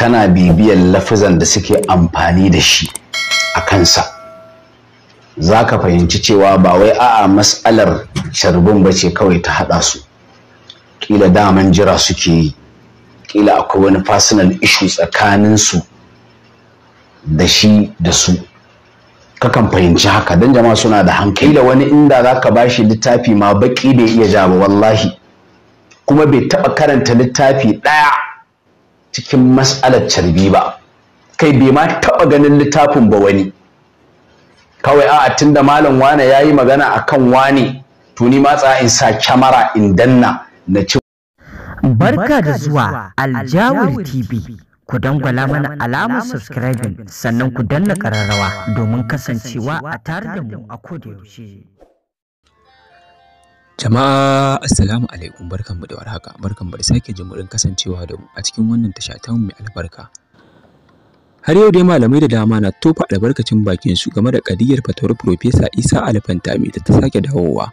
kana bibiyar lafazan da suke amfani da shi a kansa za ka fahimci cewa ba wai a'a matsalar sharbin ba ce kawai ta haɗa su ƙila daman jira suke yi ƙila akwai wani personal ishu tsakaninsu da shi da su kakan fahimci haka don jama'a suna da hankali da wani inda za ka ba shi littafi ma baƙi bai iya ja ba wallahi kuma bai taɓa karanta littafi ɗaya cikin mas'alar carbi ba kai bai ma taɓa ganin littafin ba wani kawai a'a da malam wane ya yi magana a kan wane tuni matsa in sa kyamara in danna na ci barka da zuwa aljawul tv ku dangwala mana alamar subscribing sannan ku danna kararrawa domin kasancewa a tare da mu a kodayaushe Jama'a assalamu alaikum barkanmu da warhaka barkanmu da sake jimurin kasancewa da mu a cikin wannan tasha ta mai albarka. Har yau dai malamai da dama na tofa albarkacin bakin su game da kadiyar fatawar Profesa Isa Alfantami da ta sake dawowa.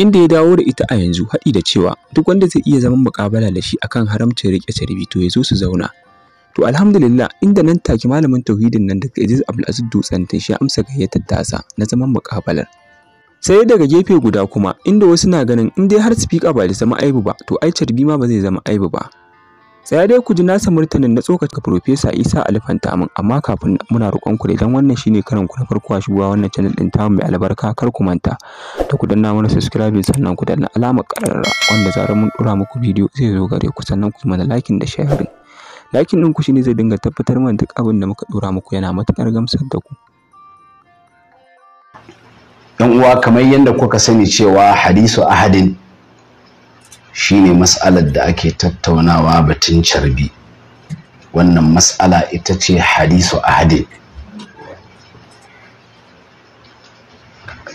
Inda ya dawo da ita a yanzu haɗi da cewa duk wanda zai iya zaman muƙabala da shi akan haramcin riƙe carbi to ya zo su zauna. To alhamdulillah inda nan take malamin tauhidin nan da Abdul Aziz Dutsen ta shi amsa gayyatar tasa na zaman muƙabalar. sai daga gefe guda kuma inda wasu na ganin in dai har speaker ba da zama aibu ba to ai carbi ma ba zai zama aibu ba sai dai ku ji nasa murtanin na tsokaka professor Isa Alfanta min amma kafin muna roƙon ku idan wannan shine karan ku na farko a shigowa wannan channel din tamu mai albarka kar ku manta da ku danna mana subscribe sannan ku danna alamar ƙararra wanda zarar mun dora muku bidiyo zai zo gare ku sannan ku mana like da sharing Lakin ɗin ku shine zai dinga tabbatar mana duk abin da muka dora muku yana matuƙar gamsar da ku yan uwa kamar yadda kuka sani cewa hadisu ahadin shine mas'alar da ake tattaunawa batun carbi wannan mas'ala ita ce hadisu ahadin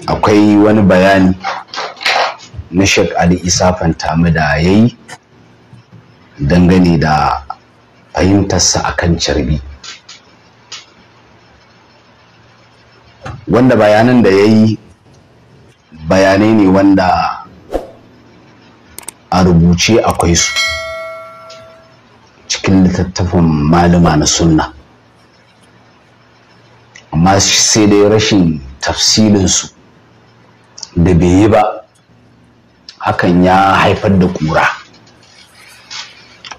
akwai wani bayani na shek Ali Isa Fantamu da ya yi dangane da fahimtarsa a kan carbi wanda bayanan da ya yi bayanai ne wanda a rubuce akwai su cikin littattafan malama na sunna amma sai dai rashin tafsilinsu da bai yi ba hakan ya haifar da kura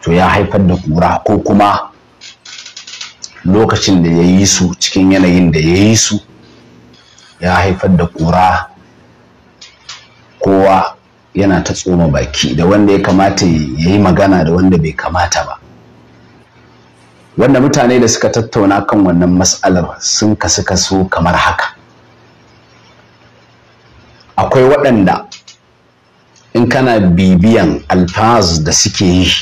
to ya haifar da kura ko kuma lokacin da ya yi su cikin yanayin da ya yi su ya haifar da kura kowa yana ta tsoma baki da wanda ya kamata ya yi magana da wanda bai kamata ba wanda mutane da suka tattauna kan wannan matsalar sun kasu kaso kamar haka akwai waɗanda in kana bibiyan alfaz da suke yi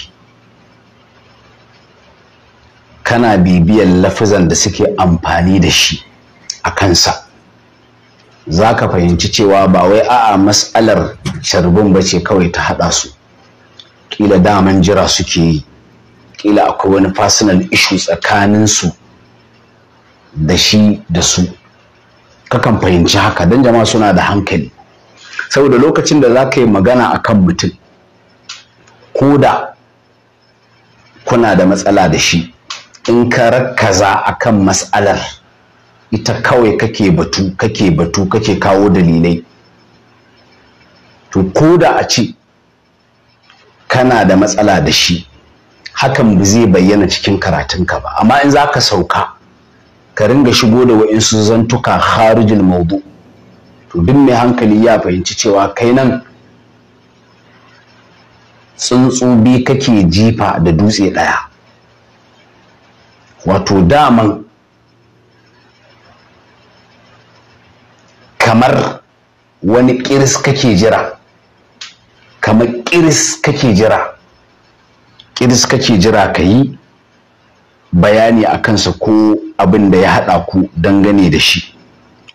kana bibiyan lafazan da suke amfani da shi a kansa za ka fahimci cewa ba wai a'a mas'alar sharbin ba ce kawai ta haɗa su ƙila daman jira suke yi ƙila akwai wani personal issue tsakaninsu da shi da su kakan fahimci haka don jama'a suna da hankali saboda lokacin da za ka yi magana a kan mutum ko da kuna da matsala da shi in ka rakkaza akan mas'alar ita kawai kake batu kake batu kake kawo dalilai to ko da a ce kana da matsala da shi hakan ba zai bayyana cikin karatunka ba amma in za ka sauka ka ringa shigo da wa'insu zantuka harijin maudu to duk mai hankali ya fahimci cewa kai nan tsuntsu kake jifa da dutse ɗaya wato daman kamar wani kiris kake jira kamar kiris kake jira kiris kake jira ka yi bayani a kansa ko abin da ya haɗa ku dangane da shi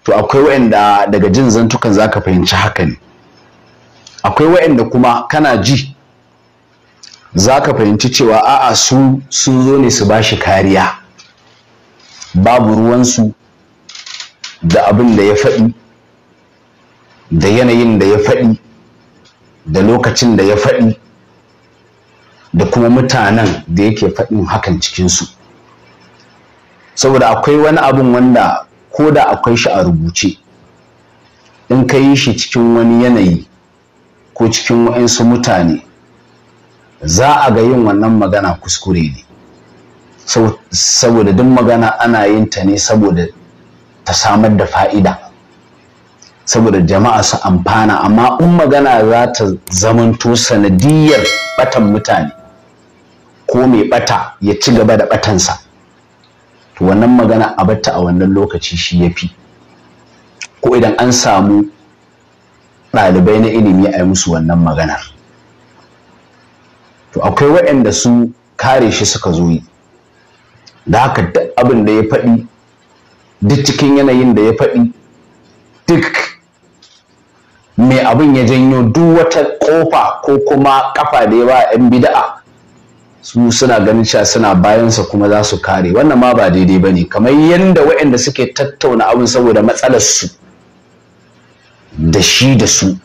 to akwai wa'anda daga jin zantukan za ka fahimci haka ne akwai wa'anda kuma kana ji za ka fahimci cewa a'a su sun zo ne su ba shi kariya babu ruwansu da abin da ya faɗi da yanayin da ya faɗi da lokacin da ya faɗi da kuma mutanen da yake faɗin hakan cikinsu saboda akwai wani abin wanda ko da akwai shi a rubuce in ka yi shi cikin wani yanayi ko cikin waɗansu mutane za a ga yin wannan magana kuskure ne saboda duk magana ana yin ta ne saboda ta samar da fa'ida saboda jama'a su amfana amma in magana za ta zamanto sanadiyar batan mutane ko mai bata ya ci gaba da batansa to wannan magana a batta a wannan lokaci shi ya fi ko idan an samu ɗalibai na ilimi a yi musu wannan maganar to akwai waɗanda su kare shi suka zo yi da haka duk abin da ya faɗi duk cikin yanayin da ya faɗi duk Mai abin ya janyo duk wata kofa ko kuma kafa da ya ba yan bida'a, su suna ganin cewa suna bayansa kuma za su kare wannan ma ba daidai ba ne kamar yadda waɗanda suke tattauna abin saboda matsalar su da shi da su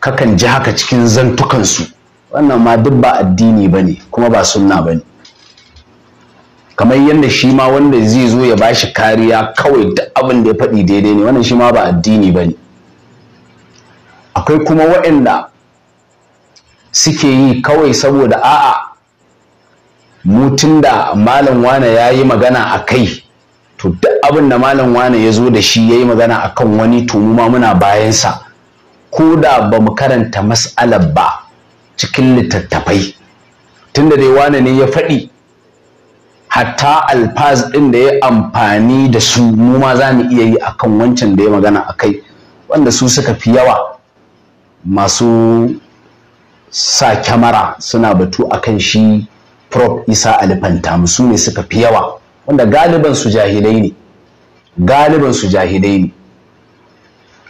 kakan ji haka cikin zantukansu wannan ma duk ba addini ba ne kuma ba sunna ba ne kamar yadda shi ma wanda zai zo ya bashi kariya kawai duk abin da ya faɗi daidai ne wannan shi ma ba addini ba ne akwai kuma waɗanda suke yi kawai saboda a'a mutun da malam wane ya yi magana a kai to duk abin da malam wane ya zo da shi ya yi magana a kan wani to mu ma muna bayansa ko da ba mu karanta mas'alar ba cikin littattafai da dai wane ne ya faɗi hatta alfaz ɗin da ya amfani da su mu ma za mu iya yi akan wancan da ya magana a kai wanda su suka fi yawa masu sa kyamara suna batu akan shi prop isa alifanta su ne suka fi yawa wanda galiban su jahilai ne galiban su jahilai ne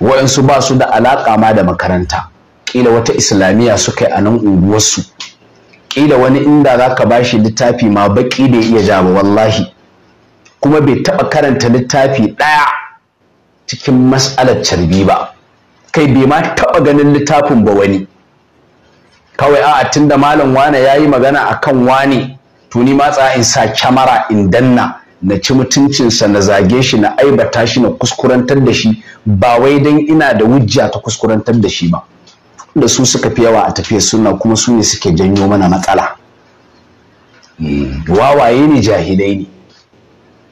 waɗansu ba su da alaƙa ma da makaranta ƙila wata islamiyya suka yi a nan unguwarsu ƙila wani inda za ka ba shi littafi ma baƙi bai iya ja wallahi kuma bai taɓa karanta littafi ɗaya cikin mas'alar carbi ba kai bai ma taɓa ganin littafin ba wani kawai a'a tunda malam wane ya yi magana a kan wane tuni matsa in sa kyamara in danna na ci mutuncinsa na zage shi na aibata shi na kuskurantar da shi ba wai don ina da wujja ta kuskurantar da shi ba da su suka fi yawa a tafiyar suna kuma su ne suke janyo mana matsala hmm, wawaye ne jahilai ne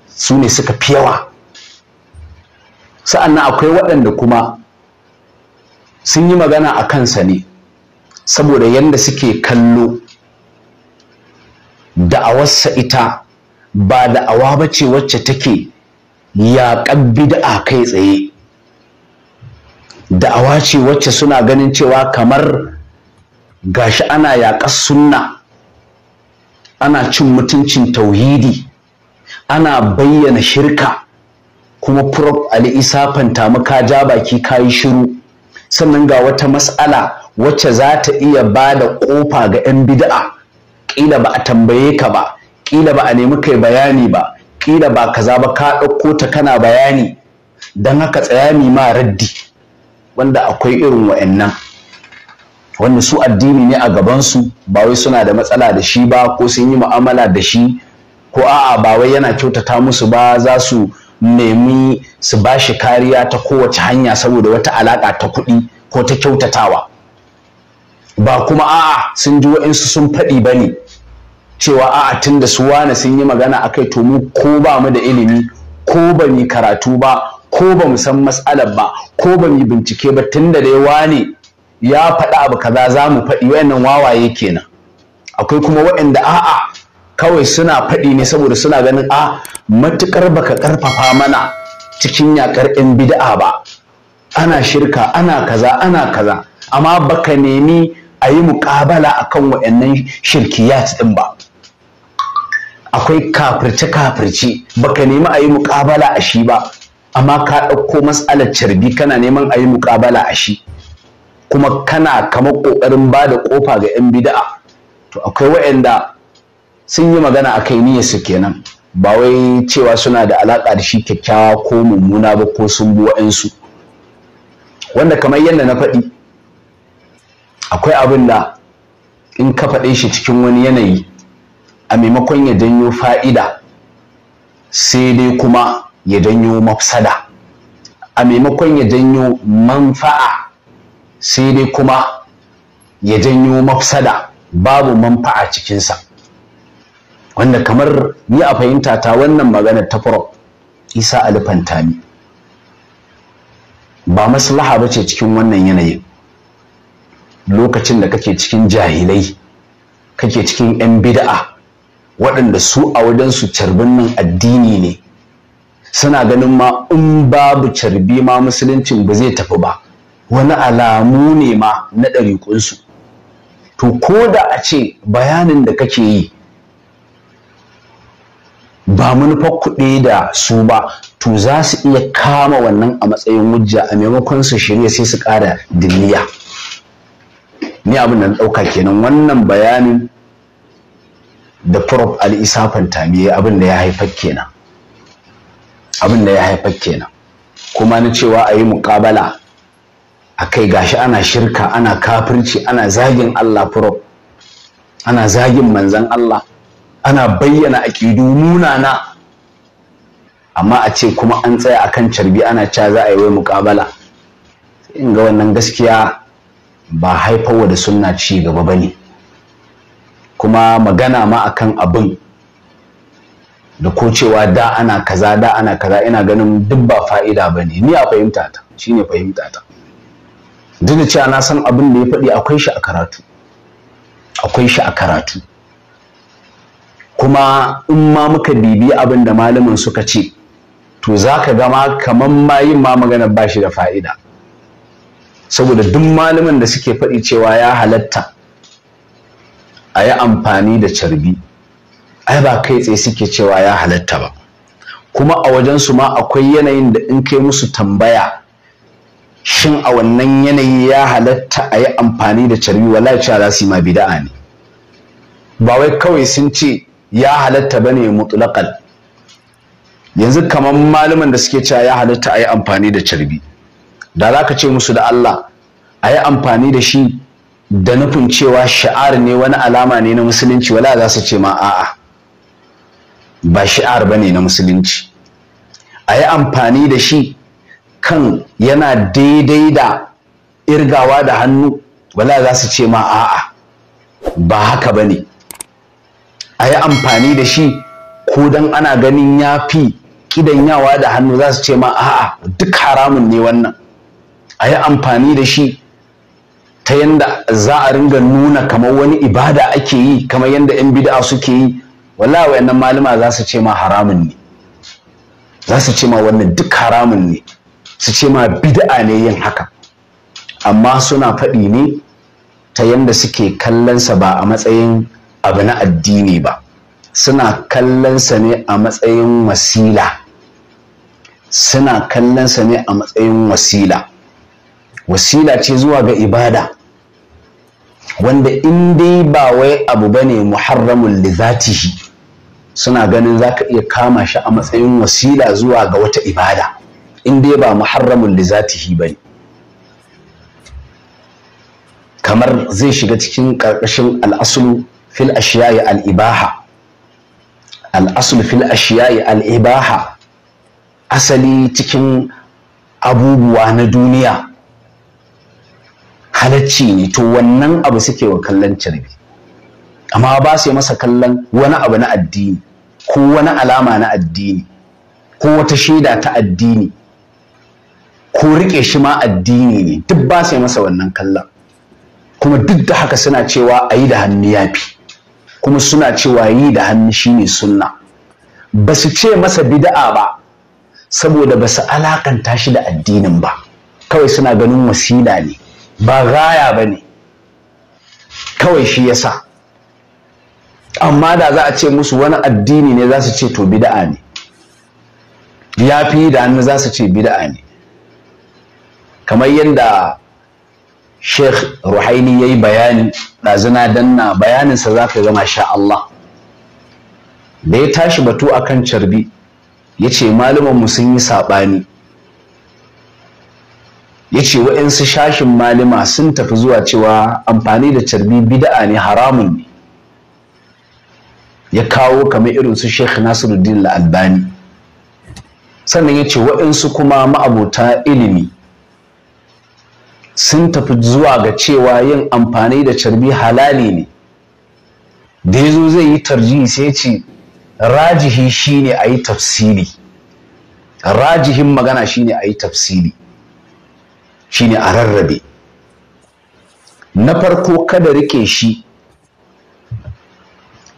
su ne suka fi yawa sa'annan akwai waɗanda kuma sun yi magana a kansa ne saboda yadda suke kallo da'awarsa ita ba da'awa ba ce wacce take yaƙar bid'a kai tsaye da'awa ce wacce suna ganin cewa kamar gashi ana yaƙar sunna ana cin mutuncin tauhidi ana bayyana shirka kuma prop ali isa fanta ka ja baki kayi shiru sannan ga wata mas'ala wacce za ta iya ba da ƙofa ga 'yan bid'a ƙila ba a tambaye ka ba ƙila ba a nemi kai bayani ba ƙila ba kaza ba ka ɗauko ta kana bayani don haka tsaya tsayami ma raddi wanda akwai irin wa'annan wanda su addini ne a gabansu ba wai suna da matsala da shi ba ko sun yi mu'amala da shi ko a'a ba wai yana kyautata musu ba za su nemi su ba shi kariya ta kowace hanya saboda wata alaƙa ta kuɗi ko ta kyautatawa ba kuma a'a sun ji wa'insu sun faɗi ba ne cewa a'a tun da su wane sun yi magana a kai to mu ko ba mu da ilimi ko ba mu karatu ba ko ba mu san matsalar ba ko ba mu bincike ba tun da dai wane ya faɗa abu kaza za mu faɗi wayannan wawaye kenan akwai kuma waɗanda a'a kawai suna faɗi ne saboda suna ganin a ah, matukar baka ƙarfafa mana cikin yaƙar 'yan bid'a ba ana shirka ana kaza ana kaza amma baka nemi a yi muƙabala akan waɗannan shirkiyat ɗin ba akwai kafirce kafirce baka nemi a yi muƙabala a shi ba amma ka ɗauko matsalar carbi kana neman a yi muƙabala a shi kuma kana kamar ƙoƙarin ba da ƙofa ga 'yan bida'a to akwai waɗanda sun yi magana a kai niyyar su kenan ba wai cewa suna da alaƙa da shi kyakkyawa ko mummuna ba ko sun bi wa'ansu wanda kamar yadda na faɗi akwai abin da in ka faɗe shi cikin wani yanayi a maimakon ya janyo fa'ida sai dai kuma ya janyo mafsada a maimakon ya janyo manfa'a sai dai kuma ya janyo mafsada babu manfa'a cikinsa wanda kamar ni a fahimta ta wannan maganar ta furo, isa alfantami ba maslaha ba ce cikin wannan yanayin lokacin da kake cikin jahilai kake cikin 'yan bida'a waɗanda su a wajensu carbin nan addini ne suna ganin ma in babu carbi ma musuluncin ba zai tafi ba wani alamu ne ma na ɗariƙunsu to ko da a ce bayanin da kake yi ba manufar kuɗi da su ba to za su iya kama wannan a matsayin wujja a maimakon su shirya sai su ƙara diniya ni abin da ɗauka kenan wannan bayanin da prof isa fantami abin da ya haifar kenan abin da ya haifar kenan kuma na cewa a yi muƙabala a kai gashi ana shirka ana kafirci ana zagin allah prof ana zagin manzan allah ana bayyana aƙidu munana amma a ce kuma an tsaya akan carbi ana cewa za a yi wai muƙabala in ga wannan gaskiya ba haifarwa da sunna ci gaba ba ne kuma magana ma akan abin da ko cewa da ana kaza da ana kaza ina ganin duk ba fa'ida ba ne ni a fahimta ta shine fahimta ta duk da cewa na san abin da ya faɗi akwai shi a karatu akwai shi a karatu kuma in ma muka bibi abin da malamin suka ce to za ka gama kamar ma yin ma magana ba shi da fa'ida saboda duk malamin da suke faɗi cewa ya halatta a yi amfani da carbi ai ba kai tsaye suke cewa ya halatta ba kuma a wajensu ma akwai yanayin da in kai musu tambaya shin a wannan yanayi ya halatta a yi amfani da carbi wallahi cewa za su yi ma bida'a ne ba wai kawai sun ce ya halatta bane mutlaqan yanzu kaman malaman da suke cewa ya halatta yi amfani da carbi da za ka ce musu da Allah a yi amfani da shi da nufin cewa sha'ar ne wani alama ne na musulunci wala za su ce ma a'a ba shi'ar bane na musulunci ayi amfani da shi kan yana daidai da irgawa da hannu wala za su ce ma a'a ba haka bane a yi amfani da shi ko dan ana ganin ya fi kidan yawa da hannu za su ce ma a'a duk haramun ne wannan a yi amfani da shi ta yanda za a ringa nuna kamar wani ibada ake yi kamar yanda 'yan bid'a suke yi wallahi wayannan malama za su ce ma haramun ne za su ce ma wannan duk haramun ne su ce ma bid'a ne yin haka amma suna faɗi ne ta yanda suke kallonsa ba a matsayin abu na addini ba suna kallonsa ne a matsayin wasila suna kallonsa ne a matsayin wasila wasila ce zuwa ga ibada wanda in dai ba wai abu ba ne muharramun lizatihi suna ganin za ka iya kama shi a matsayin wasila zuwa ga wata ibada in dai ba muharramun lizatihi ba ne kamar zai shiga cikin ƙarƙashin al'asulu fil ashiyayi al'ibaha al'asul fil ashiyayi al'ibaha asali cikin abubuwa na duniya halacci ne to wannan abu suke wa kallon carbi amma ba su masa kallon wani abu na addini ko wani alama na addini ko wata shaida ta addini ko riƙe shi ma addini ne duk ba su masa wannan kallon kuma duk da haka suna cewa a yi da hannu ya fi. kuma suna cewa yi da hannu shine sunna ba su ce masa bida'a ba saboda ba su alakanta shi da addinin ba kawai suna ganin wasila ne ba gaya ba ne kawai shi yasa amma da za a ce musu wani addini ne za su ce to bida'a ne ya fi da hannu za su ce bida'a ne kamar yadda sheikh ruhaini ya yi bayani ɗazina danna bayaninsa za ka gama sha Allah da ya tashi batu akan carbi ya ce mu sun yi saɓani yace ce shashin malima sun tafi zuwa cewa amfani da carbi bida'a ne haramun ne ya kawo kamar irin su sheikh nasiruddin Al-Albani sannan yace ce waɗansu kuma ma'abota ilimi sun tafi zuwa ga cewa yin amfani da carbi halali ne da ya zo zai yi tarji sai ce rajihi shine a yi tafsiri rajihin magana shine a yi tafsiri shine a rarrabe na farko kada rike shi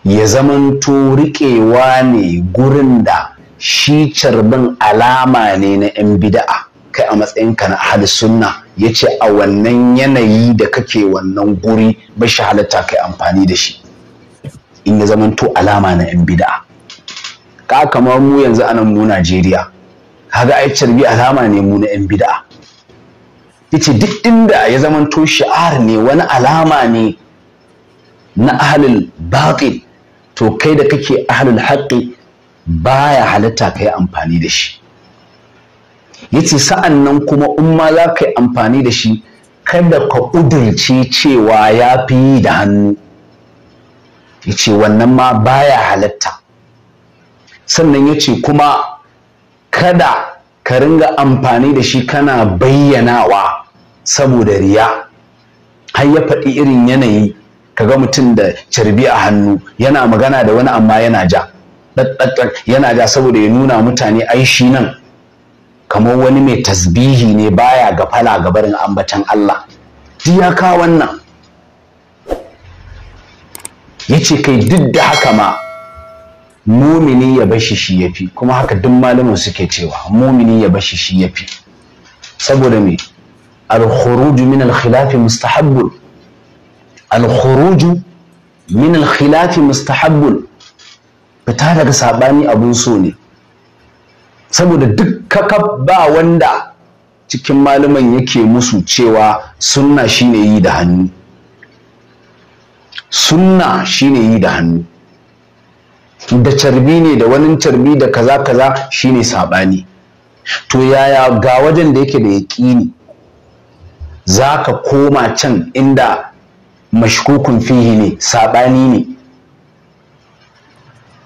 ya zamanto riƙewa ne gurin da shi carbin alama ne na 'yan bida'a kai a matsayinka na ahli sunna ya ce a wannan yanayi da kake wannan guri ba shi halatta kai amfani da shi in ya zamanto alama na yan bida'a ka kamar mu yanzu anan mu Najeriya kaga ai carbi alama ne mu na yan bida'a yace duk inda ya zamanto shi'ar ne wani alama ne na ahlul batil to kai da kake ahlul haqqi baya halatta kai amfani da shi yace sa'an nan kuma in ma za ka yi amfani da shi kada ka udurce cewa ya fi yi da hannu yace wannan ma baya halatta sannan yace kuma kada ka ringa amfani da shi kana bayyanawa saboda riya har ya faɗi irin yanayi kaga mutum da carbi a hannu yana magana da wani amma yana ja yana ja saboda ya nuna mutane ai shi nan kamar wani mai tasbihi ne baya ga fala ga barin ambatan Allah duk ya ka wannan yace kai duk da haka ma mumini ya bashi shi yafi kuma haka duk malamin suke cewa mumini ya bashi shi yafi saboda me al-khuruj min al-khilaf mustahabb al-khuruj min al-khilaf mustahabb fita daga sabani abun so ne saboda duk kaka ba wanda cikin malaman yake musu cewa sunna shine yi da hannu sunna shine yi da hannu da carbi ne da wani carbi da kaza kaza shine sabani to yaya ga wajen da yake da yaƙini za ka koma can inda mashkukun fihi ne sabani ne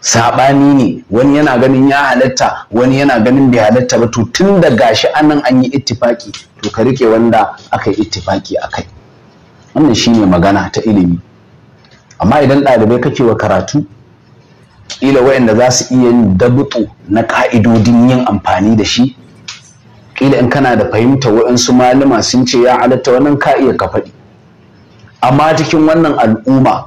saɓani ne wani yana ganin ya halatta wani yana ganin bai halatta ba to tun da gashi anan an yi ittifaki to ka rike wanda aka yi ittifaki a kai wannan shine magana ta ilimi amma idan ɗalibai kake wa karatu ƙila waɗanda za su iya yin na ƙa'idodin yin amfani da shi ƙila in kana da fahimta waɗansu malama sun ce ya halatta wannan ka iya ka faɗi amma cikin wannan al'umma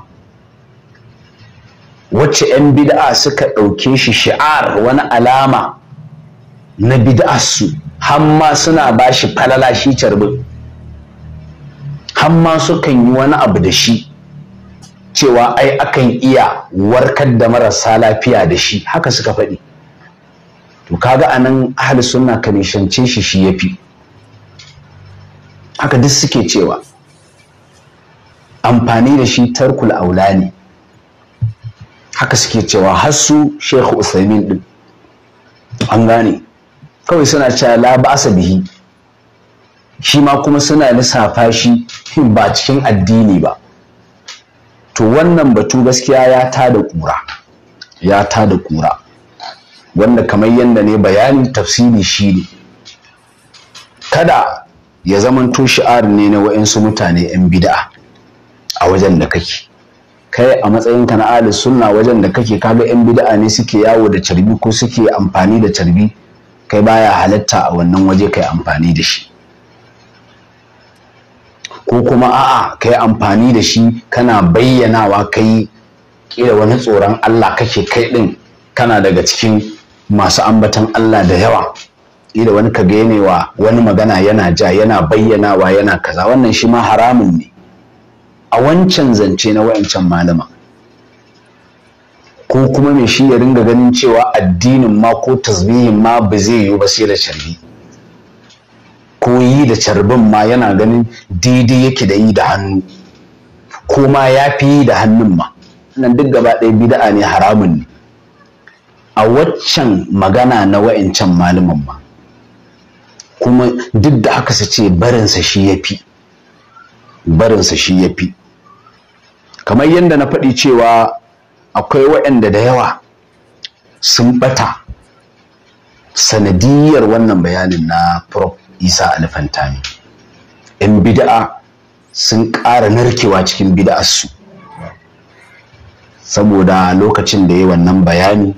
wacce 'yan bid'a suka ɗauke shi shi'ar wani alama na su hamma suna ba shi falala shi carbin hamma sukan yi wani abu da shi cewa ai akan iya warkar da marasa lafiya da shi haka suka faɗi to kaga anan ahli suna ka shi shi yafi haka duk suke cewa amfani da shi tarkul aula ne haka suke cewa har su shehu usaimin din an gane kawai suna cewa la sa bihi shi ma kuma suna lissafa shi ba cikin addini ba to wannan batu gaskiya ya ta da ƙura ya ta da ƙura wanda kamar yadda ne bayanin tafsiri shi ne kada ya zamanto shi'ar ne na wa'insu mutane 'yan bida'a a wajen da kake kai a matsayin ka na ahli sunna wajen da kake kaga yan bid'a ne suke yawo da carbi ko suke amfani da carbi kai baya halatta a wannan waje kai amfani da shi ko kuma a'a kai amfani da shi kana bayyanawa kai kila wani tsoron Allah kake kai din kana daga cikin masu ambatan Allah da yawa kila wani ka wa wani magana yana ja yana bayyanawa yana kaza wannan shi ma haramun ne a wancan zance na wayancan malama ko kuma mai shi ya ringa ganin cewa addinin ma ko tasbihin ma ba zai yiwu ba sai da carbi ko yi da carbin ma yana ganin daidai yake da yi da hannu ko ma ya fi yi da hannun ma nan duk gaba ɗaya bida'a ne haramun ne a waccan magana na wa'ancan malaman ma kuma duk da aka sace ce barinsa shi ya fi barinsa shi ya fi kamar yadda na faɗi cewa akwai waɗanda da yawa sun ɓata sanadiyar wannan bayanin na prof isa alfantami yan bida'a sun ƙara narkewa cikin bida'arsu saboda lokacin da ya wannan bayani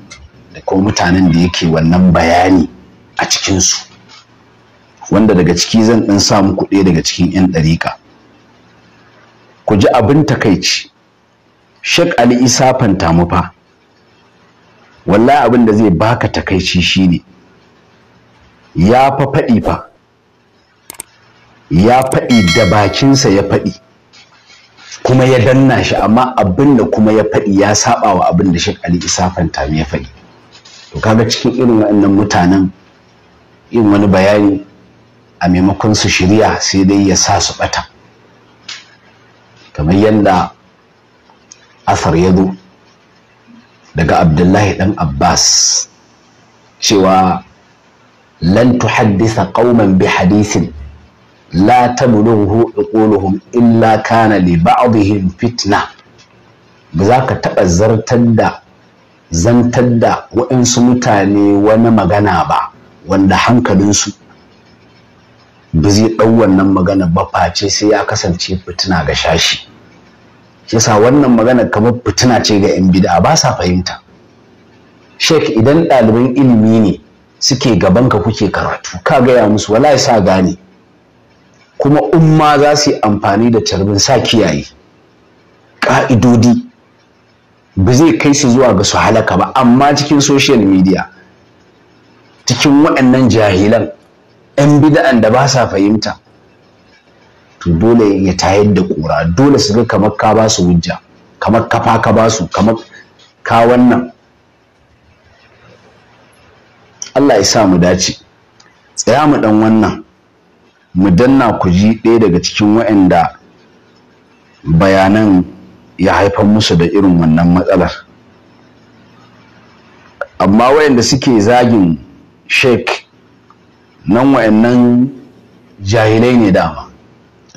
da kuma mutanen da yake wannan bayani a cikinsu wanda daga ciki zan ɗan samu muku daga cikin 'yan ɗariƙa ku ji abin takaici shek ali isa fanta mu fa wallahi abin da zai baka takaici shine ya fa faɗi fa ya faɗi da bakinsa ya faɗi kuma ya danna shi amma abin da kuma ya faɗi ya saba wa abin da Sheikh ali isa fanta ya faɗi to kaga cikin irin waɗannan mutanen yin wani bayani a maimakon su shirya sai dai ya sa su ɓata kamar yadda asar ya zo daga abdullahi ɗan abbas cewa lan tuhaddisa qauman bi hadisin la tablughu uquluhum illa kana li ba'dihim fitna ba za ka taɓa zartar da zantar da waɗansu mutane wani magana ba wanda hankalinsu ba zai ɗau wannan magana ba face sai ya kasance fitina ga shashi yasa wannan magana kamar fitina ce ga yan bid'a ba sa fahimta sheik idan ɗaliban ilimi ne suke gaban ka kuke karatu ka gaya musu wallahi sa gane kuma umma za su yi amfani da tarbin sa kiyaye ƙa'idodi ba zai kai su zuwa ga su halaka ba amma cikin social media cikin waɗannan jahilan 'yan bida'an da ba sa fahimta to dole ya tayar da ƙura dole su ga kamar ka ba su hujja kamar kafa ka ba su kamar ka wannan Allah ya sa mu dace tsaya mu dan wannan mu danna ku ji ɗaya daga cikin waɗanda bayanan ya haifar musu da irin wannan matsalar amma waɗanda suke zagin sheik nan waɗannan jahilai ne dama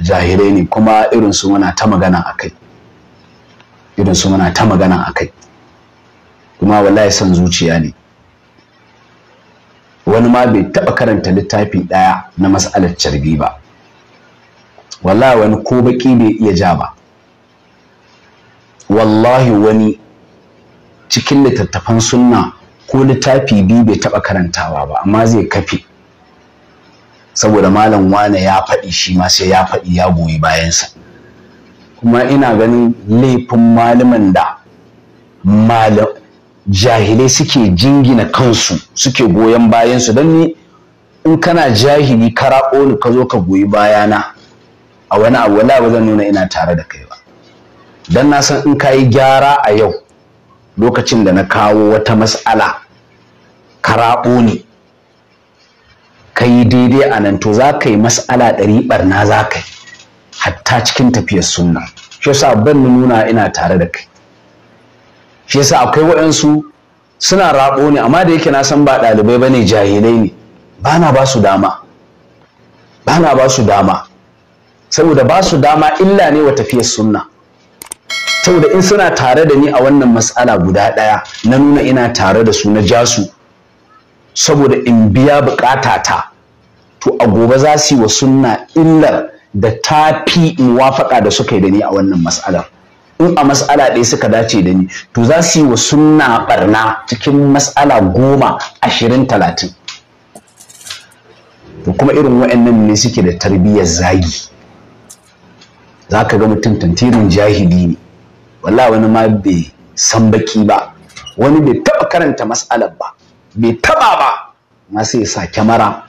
jahilai ne kuma irin su muna ta magana a kai irin su muna ta magana a kai kuma wallahi son zuciya ne wani ma bai taba karanta littafi ɗaya na mas'alar carbi ba wallahi wani ko baki bai iya ja ba wallahi wani cikin littattafan sunna ko littafi biyu bai taɓa karantawa ba amma zai kafe saboda malam wane ya faɗi shi ma sai ya faɗi ya goyi bayansa kuma ina ganin laifin malaman da jahilai suke jingina kansu suke goyon bayansu don ni in kana jahili kara ni ka zo ka goyi bayana a wani abu wala ba zan nuna ina tare da kai ba don na san in ka yi gyara a yau lokacin da na kawo wata mas'ala kara ni ka yi daidai a nan to za ka yi mas'ala ɗari ɓarna za ka yi hatta cikin tafiyar sunna shi yasa ban nuna ina tare da kai shi yasa akwai waɗansu suna raɓo ne amma da yake na san ba ɗalibai ba ne jahilai ne ba na ba su dama ba na ba su dama saboda ba su dama illa ne wa tafiyar sunna saboda in suna tare da ni a wannan mas'ala guda ɗaya na nuna ina tare da su na jasu saboda in biya bukata ta to a gobe za su yi wa sunna illar da ta fi in muwafaka da suka yi da ni a wannan mas'alar in a mas'ala ɗaya suka dace da ni to za su yi wa sunna barna cikin mas'ala goma ashirin talatin to kuma irin waɗannan ne suke da tarbiyyar zagi za ka ga mutum tantirin jahili ne walla wani ma bai san baki ba wani bai taɓa karanta mas'alar ba bai taba ba amma sai ya sa kyamara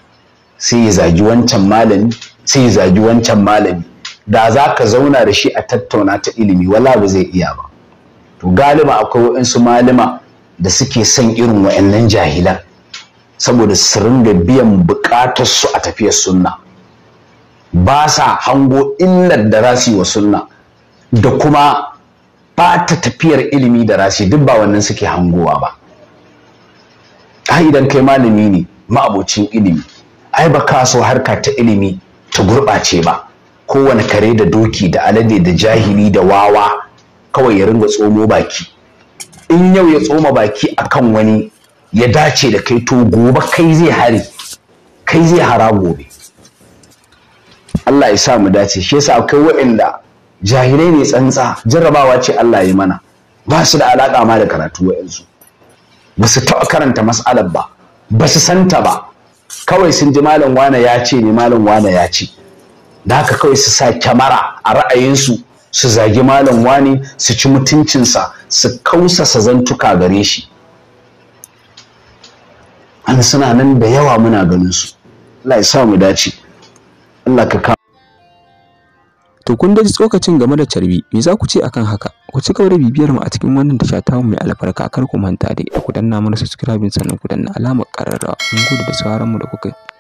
sai ya zagi wancan malami sai ya zagi wancan malami da za ka zauna da shi a tattauna ta ilimi wala ba zai iya ba to galiba akwai waɗansu malama da suke son irin wa'annan jahilan saboda su ringa biyan su a tafiyar sunna ba sa hango illar da yi wa sunna da kuma ba ta tafiyar ilimi da rasi duk ba wannan suke hangowa ba ai idan kai malami ne ma'abocin ilimi ai ba ka so harka ta ilimi ta gurɓace ba kowane kare da doki da alade da jahili da wawa kawai ya ringa tsomo baki in yau ya tsoma baki akan wani ya dace da kai to gobe kai zai hari kai zai hara gobe Allah ya sa mu dace shi yasa akwai waɗanda jahilai ne tsantsa jarrabawa ce Allah ya mana ba su da alaƙa ma da karatu wa'insu Basu su taɓa karanta mas'alar ba basu su santa ba kawai sun ji malam wane ya ce ne malam wane ya ce da haka kawai su sa kyamara a ra'ayinsu su zagi malam wane su ci mutuncinsa su kausasa zantuka gare shi an suna nan da yawa muna ganin su Allah ya sa mu dace Allah ka To kun daji tsokacin game da carbi, me za ku ce akan haka? Ku ci gaba da bibiyar mu a cikin wannan tasha ta mai albarka kar ku manta dai ku danna mana subscribe sannan ku danna alamar ƙararrawa. Mun gode da sauraron mu da kuka